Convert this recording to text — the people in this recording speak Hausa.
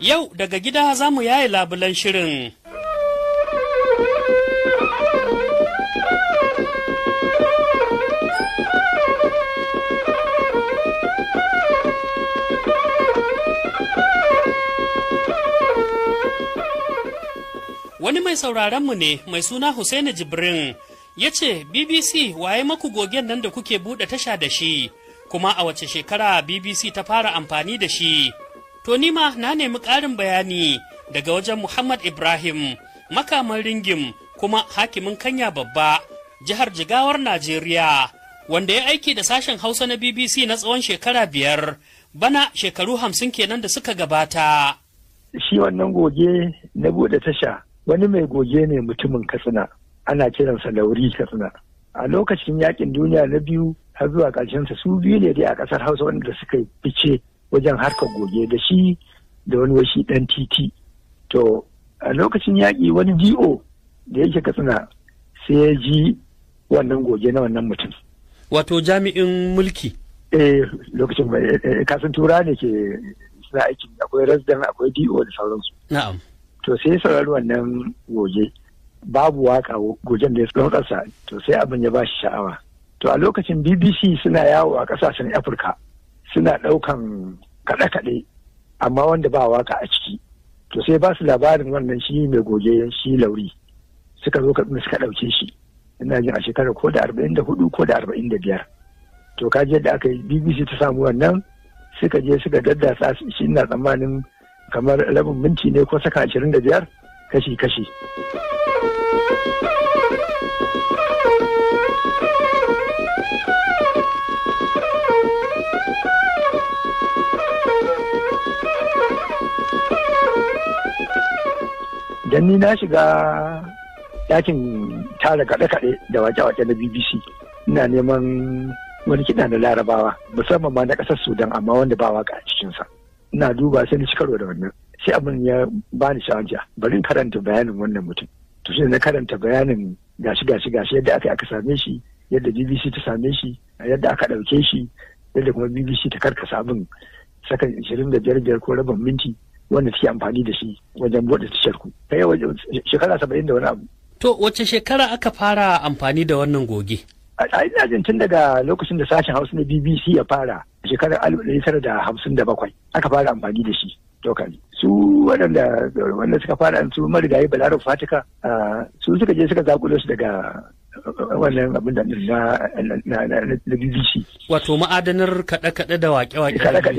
Yau daga gida za mu yaye labulan shirin. Wani mai sauraronmu ne mai suna Hussaini Jibrin ya ce BBC waye maku gogen nan da kuke buɗe tasha da shi, kuma a wace shekara BBC ta fara amfani da shi. To nima na nemi ƙarin bayani daga wajen Muhammad Ibrahim makaman ringim kuma hakimin Kanya babba jihar Jigawar Najeriya wanda ya aiki da sashen Hausa na BBC na tsawon shekara biyar bana shekaru hamsin kenan da suka gabata. Shi wannan goge na bude tasha wani mai goge ne mutumin Katsina ana kiransa Lauri Katsina. A lokacin yakin duniya na biyu har zuwa ƙarshensa su biyu ne dai a ƙasar Hausa wanda suka fice wajen harkar goge da shi da wani washi dan titi to a lokacin yaƙi wani go da yake katsina sai ya ji wannan goge na wannan mutum wato jami'in mulki eh lokacin eh, kasan tura ne ke suna aiki akwai resident akwai do da sauransu na'am to sai saurari wannan goge babu waka gojen da ya tsawon to sai abin ya ba shi sha'awa to a lokacin bbc suna yawo a kasashen afirka suna ɗaukan kaɗe-kaɗe amma wanda ba waka a ciki to sai ba su labarin wannan shi mai goge shi lauri suka zo kaduna suka ɗauke shi ina jin a shekarar ko da arba'in da hudu ko da arba'in da biyar to kaji yadda aka yi bbc ta samu wannan suka je suka daddasa shi ina tsammanin kamar rabin minti ne ko saka ashirin da biyar kashi kashi Idan ni na shiga ɗakin tara kaɗe-kaɗe da wake-wake na bbc ina neman wani kiɗa na larabawa musamman ma na ƙasar sudan amma wanda ba waka a cikinsa ina duba sai na ci karo da wannan sai abin ya bani sha'awa bari in karanta bayanin wannan mutum to sai na karanta bayanin gashi gashi gashi yadda aka aka same shi yadda bbc ta same shi yadda aka ɗauke shi yadda kuma bbc ta karkasa abin sakan da biyar-biyar ko rabin minti wanda suke amfani da shi wajen bude tashar ku wajen shekara saba'in da wani abu. To wace shekara aka fara amfani da wannan goge? A ina jin tun daga lokacin da sashen Hausa na BBC ya fara shekarar alif ɗari tara da hamsin da bakwai aka fara amfani da shi. Dokali su waɗanda wanda suka fara su marigayi balaro Fatika su suka je suka zaƙulo su daga wannan abin da na BBC. Wato ma'adanar kaɗe-kaɗe da waƙe-waƙe.